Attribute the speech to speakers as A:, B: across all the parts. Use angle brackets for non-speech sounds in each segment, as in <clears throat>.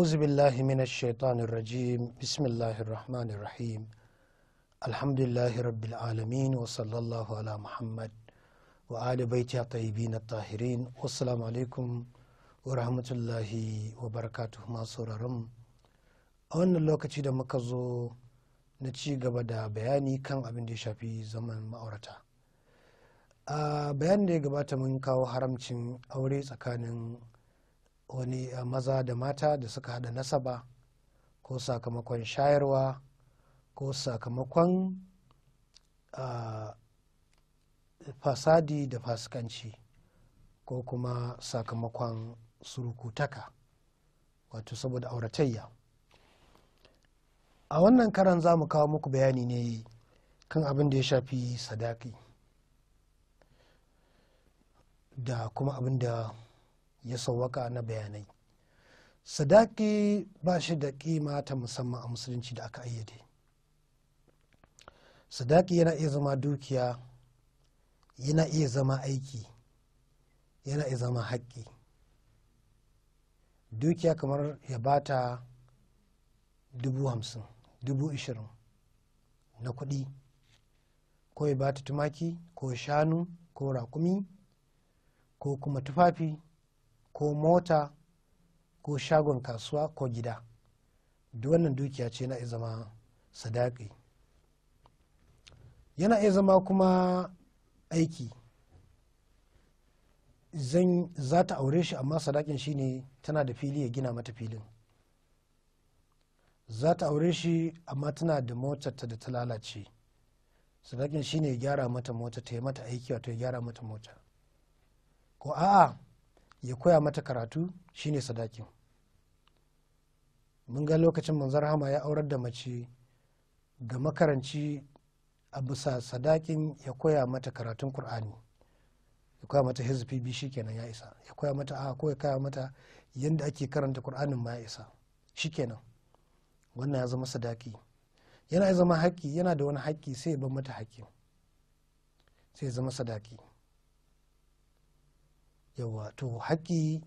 A: auzu billahi min ashaitanir rajim bismillahir rahmanir wa ala muhammad wa ala baiti tayibi na tahirin wasalamu alaikum wa rahmatullahi wa barakatuh masu rarun a wannan lokaci da muka zo na ci gaba da bayani kan abin da ya shafi zaman ma'aurata a bayan da ya gabata mun kawo haramcin aure tsakanin wani eh, maza da mata da suka hada nasaba ko sakamakon shayarwa ko sakamakon ah, fasadi da fasikanci ko kuma sakamakon surukutaka wato saboda auratayya a wannan karan za mu kawo muku bayani ne kan abin da ya shafi sadaki da kuma abin da ya sauwaka na bayanai sadaki ba shi da kima ta musamman a musulunci da aka ayyade sadaki yana iya zama dukiya yana iya zama aiki yana iya zama haƙƙi dukiya kamar ya bata dubu hamsin dubu ishirin na kuɗi ko ya bata tumaki ko shanu ko raƙumi ko kuma tufafi ko mota ko shagon kasuwa ko gida duk wannan dukiya ce na zama sadaki yana iya zama kuma aiki zan za ta aure shi amma sadakin shi ne tana da fili ya gina mata filin za ta aure shi amma tana da motarta da ta lalace sadakin shine ya gyara mata mota ta yi mata aiki wato ya gyara mata mota ko a'a ya koya mata karatu shine sadaki mun ga lokacin manzar hama ya aurar da mace ga makaranci a bisa sadakin ya koya mata karatun kur'ani ya koya mata hizfi bi shikenan ya isa ya koya mata a ko ya kaya mata yadda ake karanta kur'anin ma ya isa shikenan wannan ya zama sadaki yana zama haƙƙi yana da wani haƙƙi sai ya bar mata haƙƙi sai ya zama sadaki yawa to haƙƙi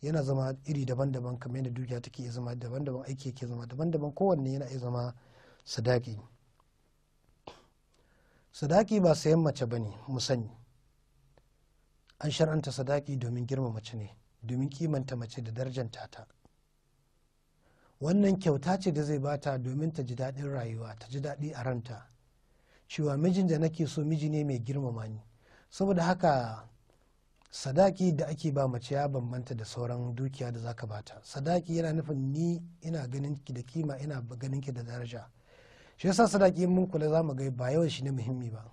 A: yana zama iri daban-daban kamar yadda dukiya take iya zama daban-daban aiki ke zama daban-daban kowanne yana iya zama sadaki sadaki ba sayan mace ba ne mu an shar'anta sadaki domin girma mace ne domin kimanta mace da darjanta ta wannan kyauta ce da zai bata domin ta ji daɗin rayuwa ta ji daɗi a ranta cewa mijin da nake so miji ne mai girmama ni saboda haka sadaki da ake ba mace ya bambanta da sauran dukiya da zaka bata sadaki yana nufin ni ina ganin ki da kima ina ganin ki da daraja shi yasa sadaki mun kula za mu ga ba yawan shi ne muhimmi ba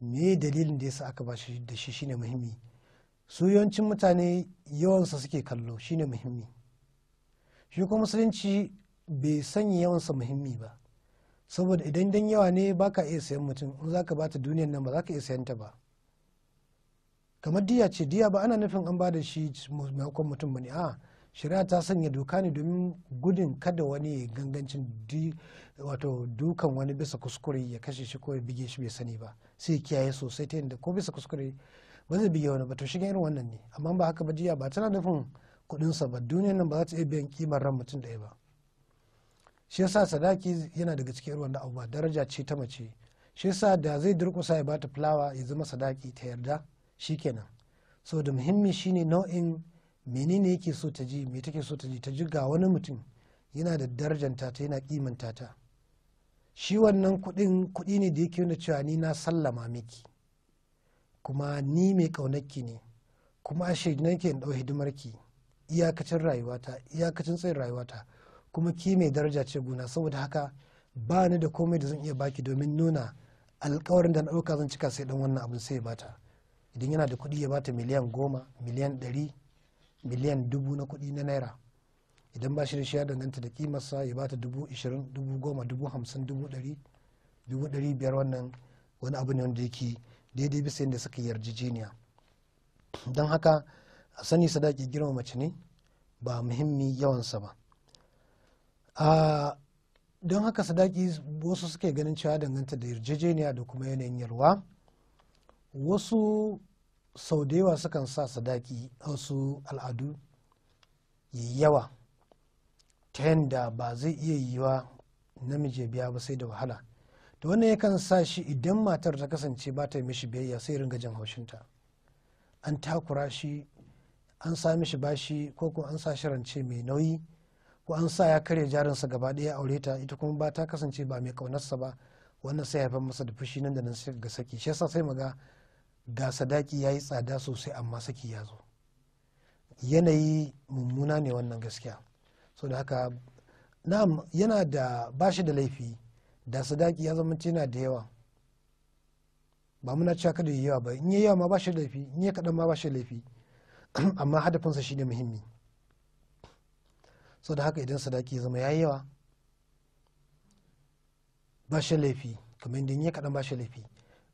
A: me dalilin da yasa aka ba shi da shi shine muhimmi su yawancin mutane yawansa suke kallo shine muhimmi shi kuma musulunci bai sanya yawansa muhimmi ba saboda idan dan yawa ne baka iya sayan mutum in zaka bata duniyar nan ba zaka iya sayan ta ba kamar diya ce diya ba ana nufin an ba da shi maimakon mutum bane a shari'a ta sanya doka ne domin gudun kada wani gangancin wato dukan wani bisa kuskure ya kashe shi ko ya bige shi bai sani ba sai kiyaye sosai ta yadda ko bisa kuskure ba zai bige wani ba to shiga irin wannan ne amma ba haka ba diya ba tana nufin kuɗin sa ba duniyan nan ba za ta iya biyan kimar ran mutum ɗaya ba shi yasa sadaki yana daga cikin irin wannan ba daraja ce ta mace shi yasa da zai durƙusa ya bata fulawa ya zama sadaki ta yarda shi kenan so da muhimmi shine nau'in menene yake so ta ji me take so ta ji ta ji ga wani mutum yana da darajanta ta yana kimanta ta shi wannan kudin kudi ne da yake nuna cewa ni na sallama miki kuma ni mai kaunarki ne kuma a shaidan ke in dau hidimarki iyakacin rayuwata iyakacin tsayin rayuwata kuma ki mai daraja ce guna saboda haka ba ni da komai da zan iya baki domin nuna alkawarin da na ɗauka zan cika sai dan wannan abin sai bata idan yana da kuɗi ya bata miliyan goma miliyan ɗari miliyan dubu na kuɗi na naira idan ba shi da shi ya danganta da kimarsa ya bata dubu ishirin dubu goma dubu hamsin dubu ɗari dubu ɗari biyar wannan wani abu ne wanda yake daidai bisa yadda suka yarjejeniya don haka a sani sadaki girma mace ne ba muhimmi yawansa ba don haka sadaki wasu suke ganin cewa danganta da yarjejeniya da kuma yanayin yarwa wasu sau da yawa sukan sa sadaki wasu al'adu yi yawa ta yadda ba zai iya yiwa namiji biya ba sai da wahala to wannan yakan sa shi idan matar ta kasance ba ta yi mishi biyayya sai ringa jin haushinta an takura shi an sa mishi bashi ko kuma an sa shi rance mai nauyi ko an sa ya karya jarinsa gaba ɗaya aure ta ita kuma ba ta kasance ba mai kaunarsa ba wannan sai haifar masa da fushi nan da nan ga saki shi yasa sai mu ga. Da sadaki ya yi tsada sosai amma saki ya zo yanayi mummuna ne wannan gaskiya so da haka na'am yana da bashi da laifi da sadaki ya zama yana da yawa ba muna cewa kada yi yawa ba in yi yawa ma bashi da laifi in yi kaɗan ma bashi da laifi <clears throat> amma hadafinsa shi ne muhimmi so da haka idan sadaki ya zama ya yawa bashi laifi kamar yadda in yi kaɗan bashi laifi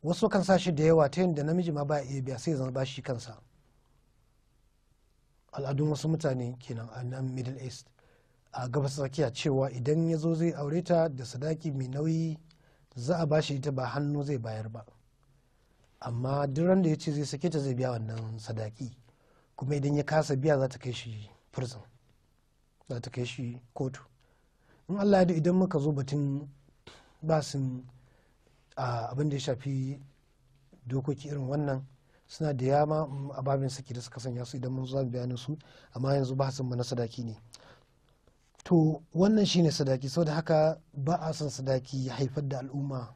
A: wasu kan sa shi da yawa ta yadda namiji ma ba iya biya sai zama ba shi kansa al'adun wasu mutane kenan a nan middle east a gabas tsakiya cewa idan ya zo zai aure ta da sadaki mai nauyi za a ba shi ita ba hannu zai bayar ba amma duk ran da ya ce zai sake ta zai biya wannan sadaki kuma idan ya kasa biya za ta kai shi prison za ta kai shi kotu in allah ya idan muka zo batun basin abin da ya shafi dokoki irin wannan suna da yama mm, a babin saki da suka sanya su idan mun zuwa bayanin su amma yanzu ba su na sadaki ne to wannan shine sadaki saboda haka ba a son sadaki ya haifar da al'umma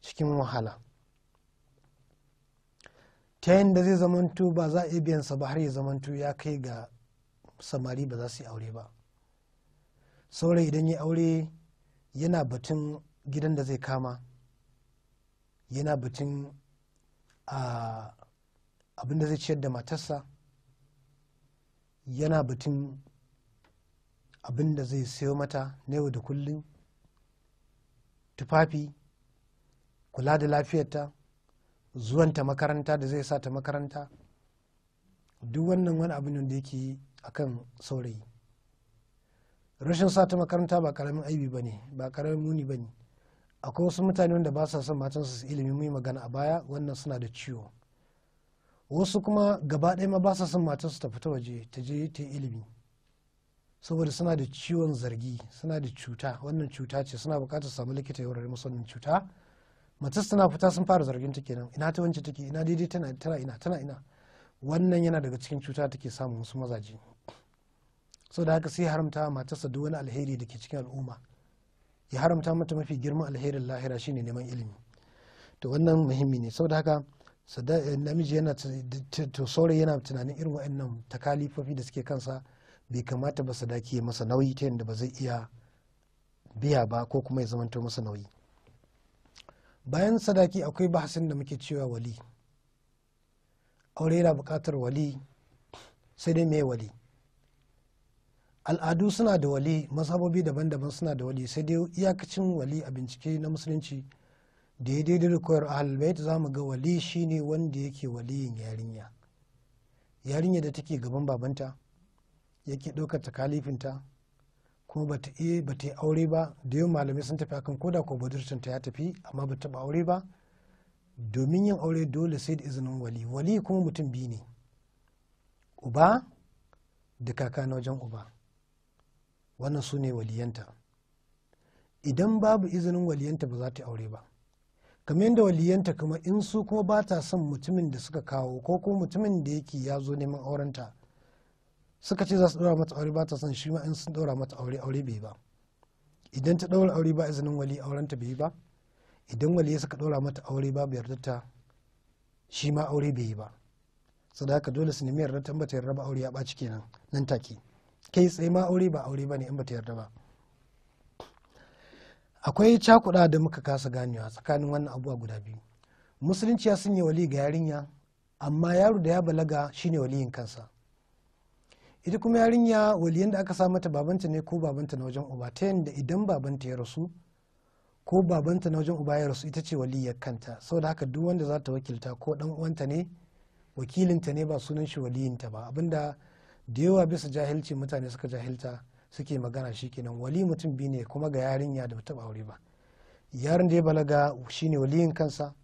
A: cikin wahala ta yadda zai zamanto ba za a biyan sa ba har ya zamanto ya kai ga samari ba za su yi aure ba saurayi idan ya aure yana batun gidan da zai kama yana batun abin da zai ciyar da matarsa yana batun abin da zai sayo mata na yau da kullum tufafi kula da lafiyarta zuwanta makaranta da zai sa ta makaranta duk wannan wani abin da yake akan saurayi rashin sa ta makaranta ba karamin aibi ba ne ba karamin muni ba ne akwai wasu mutane wanda ba sa son matansu su ilimi mai magana a baya wannan suna da ciwo wasu kuma gaba ɗaya ma ba sa son matansu ta fita waje ta je ta ilimi saboda suna da ciwon zargi suna da cuta wannan cuta ce suna bukatar samu likita ya wurare musu wannan cuta mace suna fita sun fara zargin ta kenan ina ta wance take ina daidai tana tana ina tana ina wannan yana daga cikin cuta take samun wasu mazaje sau da haka sai haramta matarsa duk wani alheri da ke cikin al'umma ya haramta mata mafi girma alherin lahira shine neman ilimi to wannan muhimmi ne saboda haka eh, namiji yana to saura yana tunanin irin wa'annan takalifofi da suke kansa bai kamata ba sadaki ya masa nauyi ta yadda ba zai iya biya ba ko kuma ya zamanto masa nauyi bayan sadaki akwai bahasin da muke cewa wali aure yana bukatar wali sai dai mai wali al'adu suna da wali masabobi daban-daban suna da wali sai dai iyakacin wali a bincike na musulunci da ya daidai da koyar ahalbait za mu ga wali shine wanda yake waliyin yarinya yarinya da take gaban babanta yake ɗaukar takalifinta kuma bata iya ta yi aure ba da yau malamai sun tafi akan koda ko ta ya tafi amma ba taba aure ba domin yin aure dole sai da izinin wali wali kuma mutum biyu ne uba da kaka na wajen uba wannan su ne waliyanta idan babu izinin waliyanta ba za ta aure ba kamar yadda waliyanta kuma in su kuma ba ta son mutumin da suka kawo ko kuma mutumin da yake ya zo neman aurenta suka ce za su ɗora mata aure ba ta son shi ma in sun ɗora mata aure aure bai ba idan ta ɗora aure ba izinin wali aurenta bai ba idan wali suka ɗora mata aure ba yarda ta shi ma aure bai yi ba sadaka dole su nemi yarda ta yarda raba aure ya ɓaci kenan nan take kai tsaye ma aure ba aure ba ne in ba ta yarda ba akwai cakuɗa da muka kasa ganewa tsakanin wannan abuwa guda biyu musulunci ya sanya wali ga yarinya amma yaro da ya balaga shine waliyin kansa ita kuma yarinya waliyan da aka sa mata babanta ne ko babanta na wajen uba ta yadda idan babanta ya rasu ko babanta na wajen uba ya rasu ita ce waliyar kanta saboda haka duk wanda za ta wakilta ko dan uwanta ne wakilinta ne ba sunan shi waliyinta ba abinda da yawa bisa jahilci mutane suka jahilta suke magana shi kenan wali mutum biyu ne kuma ga yarinya da taba aure ba yaron da ya balaga shine waliyin kansa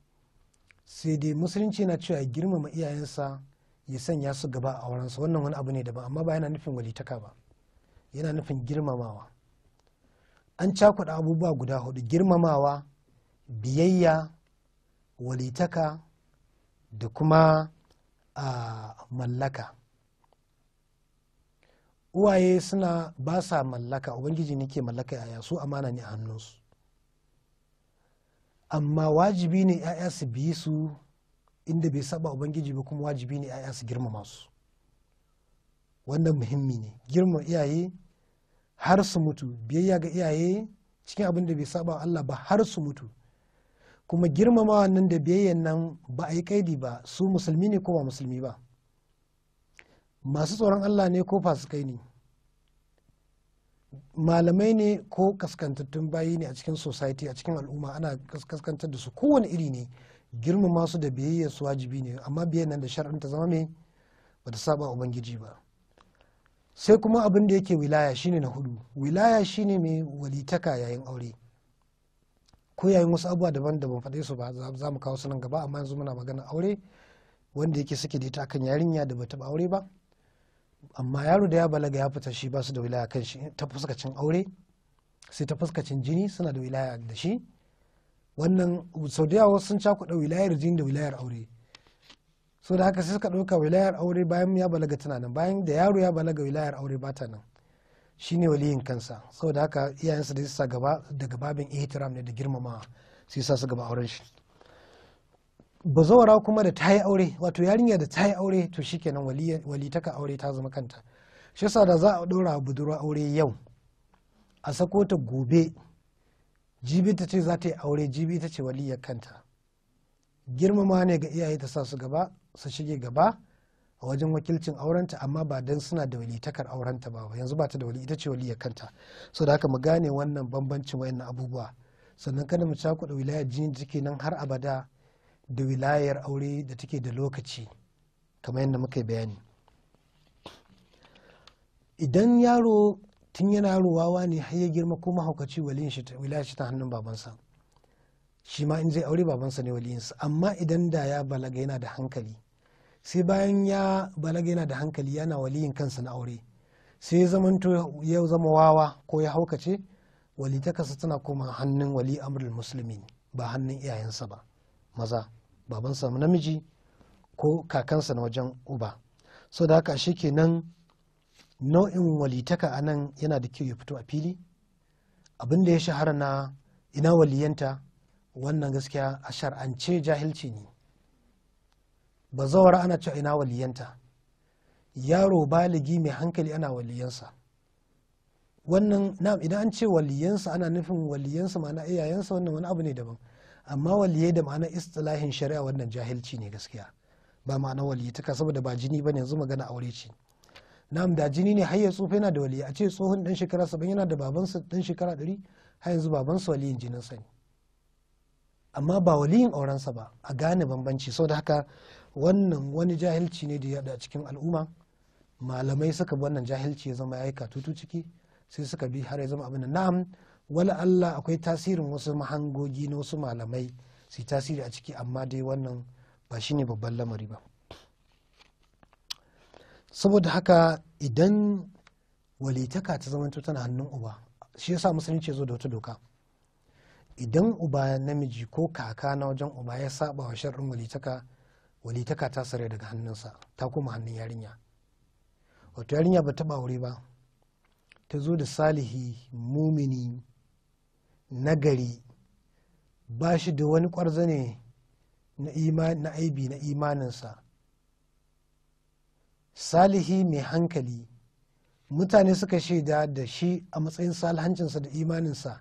A: sai dai musulunci na cewa girmama iyayensa ya sanya su gaba a aurensa wannan wani abu ne daban amma ba yana nufin walitaka ba yana nufin girmamawa an cakuɗa abubuwa guda hudu girmamawa biyayya walitaka da kuma a ah, mallaka uwaye suna ba sa mallaka ubangiji ne ke mallaka yaya su amana ne a hannunsu amma wajibi ne 'ya'ya su biyi su inda bai saba ubangiji ba kuma wajibi ne 'ya'ya su girmama su wannan muhimmi ne girma iyaye har su mutu biyayya ga iyaye cikin abin da bai saba Allah ba har su mutu kuma girmama nan da biyayyan nan ba a yi kaidi ba su musulmi ne ko ba musulmi ba masu tsoron Allah ne ko fasikai ne malamai ne ko kaskantattun bayi ne a cikin society a cikin al'umma ana kaskantar da su kowane iri ne girmama su da biyayya su wajibi ne amma biyayya nan da shar'an ta zama mai bata saba ubangiji ba sai kuma abin da yake wilaya shine na hudu wilaya shine mai walitaka yayin aure ko yayin wasu abubuwa daban-daban faɗe su ba za mu kawo su nan gaba amma yanzu muna magana aure wanda yake suke da ita akan yarinya da bata ba aure ba amma yaro da ya balaga ya fita shi basu da wilaya kan shi ta fuskacin aure sai ta fuskacin jini suna da wilaya da shi wannan sau da yawa sun cakuɗa wilayar jini da wilayar aure so da haka sai suka ɗauka wilayar aure bayan ya balaga tana nan bayan da yaro ya balaga wilayar aure ba ta nan ne waliyin kansa saboda haka iyayensa da sa gaba daga babin ihtiram ne da girmamawa sai sa su gaba auren shi bazawara kuma da ta yi aure wato yarinya da ta yi aure to shikenan kenan walitakar aure ta zama kanta shi yasa da za a ɗora budurwa aure yau a sako ta gobe jibi ta ce za ta yi aure jibi ta ce waliyar kanta girmama ne ga iyaye ta sa su gaba su shige gaba a wajen wakilcin aurenta amma ba dan suna da walitakar aurenta ba yanzu ba ta da wali ita ce waliyar kanta so da haka mu gane wannan bambancin wayannan abubuwa sannan kada mu cakuɗa wilayar jini jiki nan har abada da wilayar aure da take da lokaci kamar yadda muka yi bayani idan yaro tun yana yaro wa ne har ya girma ko mahaukaci wilayar shi ta hannun babansa shi ma in zai aure babansa ne waliyinsa amma idan da ya balaga yana da hankali sai bayan ya balaga yana da hankali yana waliyin kansa na aure sai ya zamanto ya zama wawa ko ya haukace walitakasa tana koma hannun wali amrul musulmi ba hannun iyayensa ba maza babansa namiji ko kakansa na wajen uba so da haka shi kenan nau'in walitaka a nan yana da kyau ya fito a fili abinda ya shahara na ina waliyanta wannan gaskiya a shar'ance jahilci ne ba zawar ana cewa ina waliyanta yaro baligi mai hankali ana waliyansa wannan na idan an ce waliyansa ana nufin waliyansa ma'ana iyayensa wannan wani abu ne daban amma waliye da ma'anar istilahin shari'a wannan jahilci ne gaskiya ba ma'anar waliyataka saboda ba jini ne yanzu magana aure ce nam da jini ne har ya yana da waliyi a ce tsohon dan shekara saba'in yana da babansa dan shekara ɗari har yanzu babansa waliyin sa ne amma ba waliyin aurensa ba a gane bambanci saboda haka wannan wani jahilci ne da ya da cikin al'umma malamai suka bi wannan jahilci ya zama ya yi katutu ciki sai suka bi har ya zama abin na'am wala Allah akwai tasirin wasu mahangogi na wasu malamai su yi tasiri a ciki amma dai wannan ba shine babban lamari ba saboda haka idan walitaka ta zama tana hannun uba shi yasa musulunci ya zo da wata doka idan uba namiji ko kaka na wajen uba ya saba wa sharrin walitaka walitaka ta sare daga hannunsa ta koma hannun yarinya wato yarinya ba ta aure ba ta zo da salihi mumini nagari ba shi da wani kwarza ne na aibi na imaninsa salihi mai hankali mutane suka shaida da shi a matsayin salihancinsa da imaninsa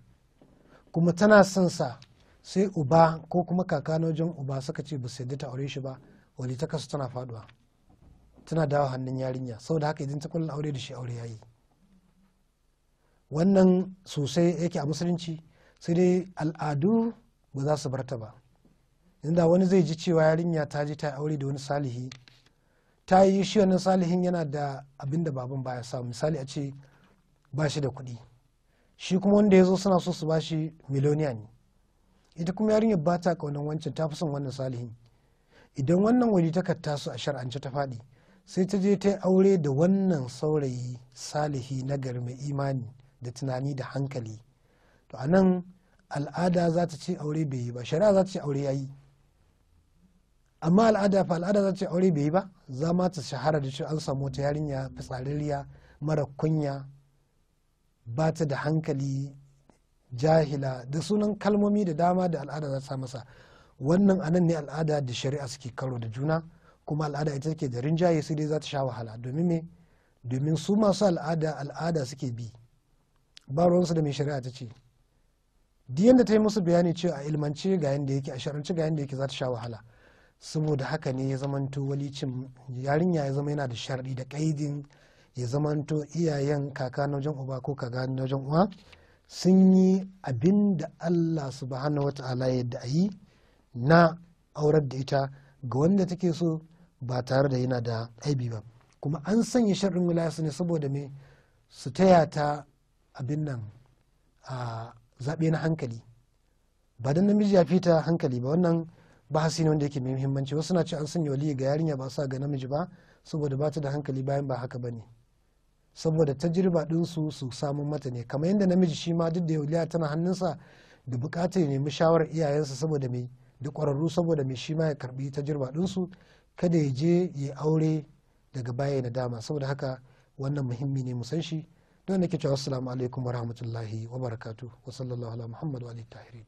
A: kuma tana son sa sai uba ko kuma kaka na wajen uba suka ce ba su yadda ta aure shi ba wani ta kasu tana faduwa tana dawo hannun yarinya saboda haka idan ta kullum aure da shi aure yayi wannan sosai yake a musulunci sai dai al'adu ba za su bar ta ba inda wani zai ji cewa yarinya ta ji ta yi aure da wani salihi ta yi shi wannan salihin yana da abin da baban baya samu misali a ce ba shi da kuɗi shi kuma wanda ya zo suna so su ba shi miliyoniya ne ita kuma yarinya ba ta kaunan wancan ta fi son wannan salihin idan wannan wani ta taso a shar'ance ta faɗi sai ta je ta yi aure da wannan saurayi salihi na gari mai imani da tunani da hankali to a nan al'ada za ta ce aure bai yi ba shari'a za ta ce aure ya yi amma al'ada fa al'ada za ta ce aure bai yi ba za ma ta shahara da cewa an samu wata yarinya fitsararriya mara kunya ba ta da hankali jahila da sunan kalmomi da dama da al'ada za ta masa wannan anan ne al'ada da shari'a suke karo da juna kuma al'ada ita take da rinjaye sai dai za ta sha wahala domin me domin su masu al'ada al'ada suke bi ba ruwansu da mai shari'a ta ce duk yadda ta yi musu bayani cewa a ilmance ga yadda yake a sharance ga yadda yake za ta sha wahala saboda haka ne ya zamanto walicin yarinya ya zama yana da sharɗi da kaidin ya zamanto iyayen kaka na wajen uba ko kaka na wajen uwa sun yi abin da Allah subhanahu wa ta'ala yadda a yi na aurar da ita ga wanda take so ba tare da yana da aibi ba kuma an sanya sharrin wilayasu ne saboda me su taya ta abin nan a zaɓe na hankali ba dan namiji ya fita hankali ba wannan bahasi ne wanda yake mai muhimmanci wasu na ce an sanya waliyi ga yarinya ba sa ga namiji ba saboda ba ta da hankali bayan ba haka bane saboda tajriba din su su samu mata ne kamar yadda namiji shi ma duk da waliya tana hannunsa da bukatar ya nemi shawarar iyayensa saboda mai da ƙwararru saboda mai shi ma ya karbi tajriba din su kada ya je ya aure daga baya na dama saboda haka wannan muhimmi ne mu san shi don nake cewa assalamu alaikum wa wabarakatu wa wa sallallahu ala muhammad wa alihi tahirin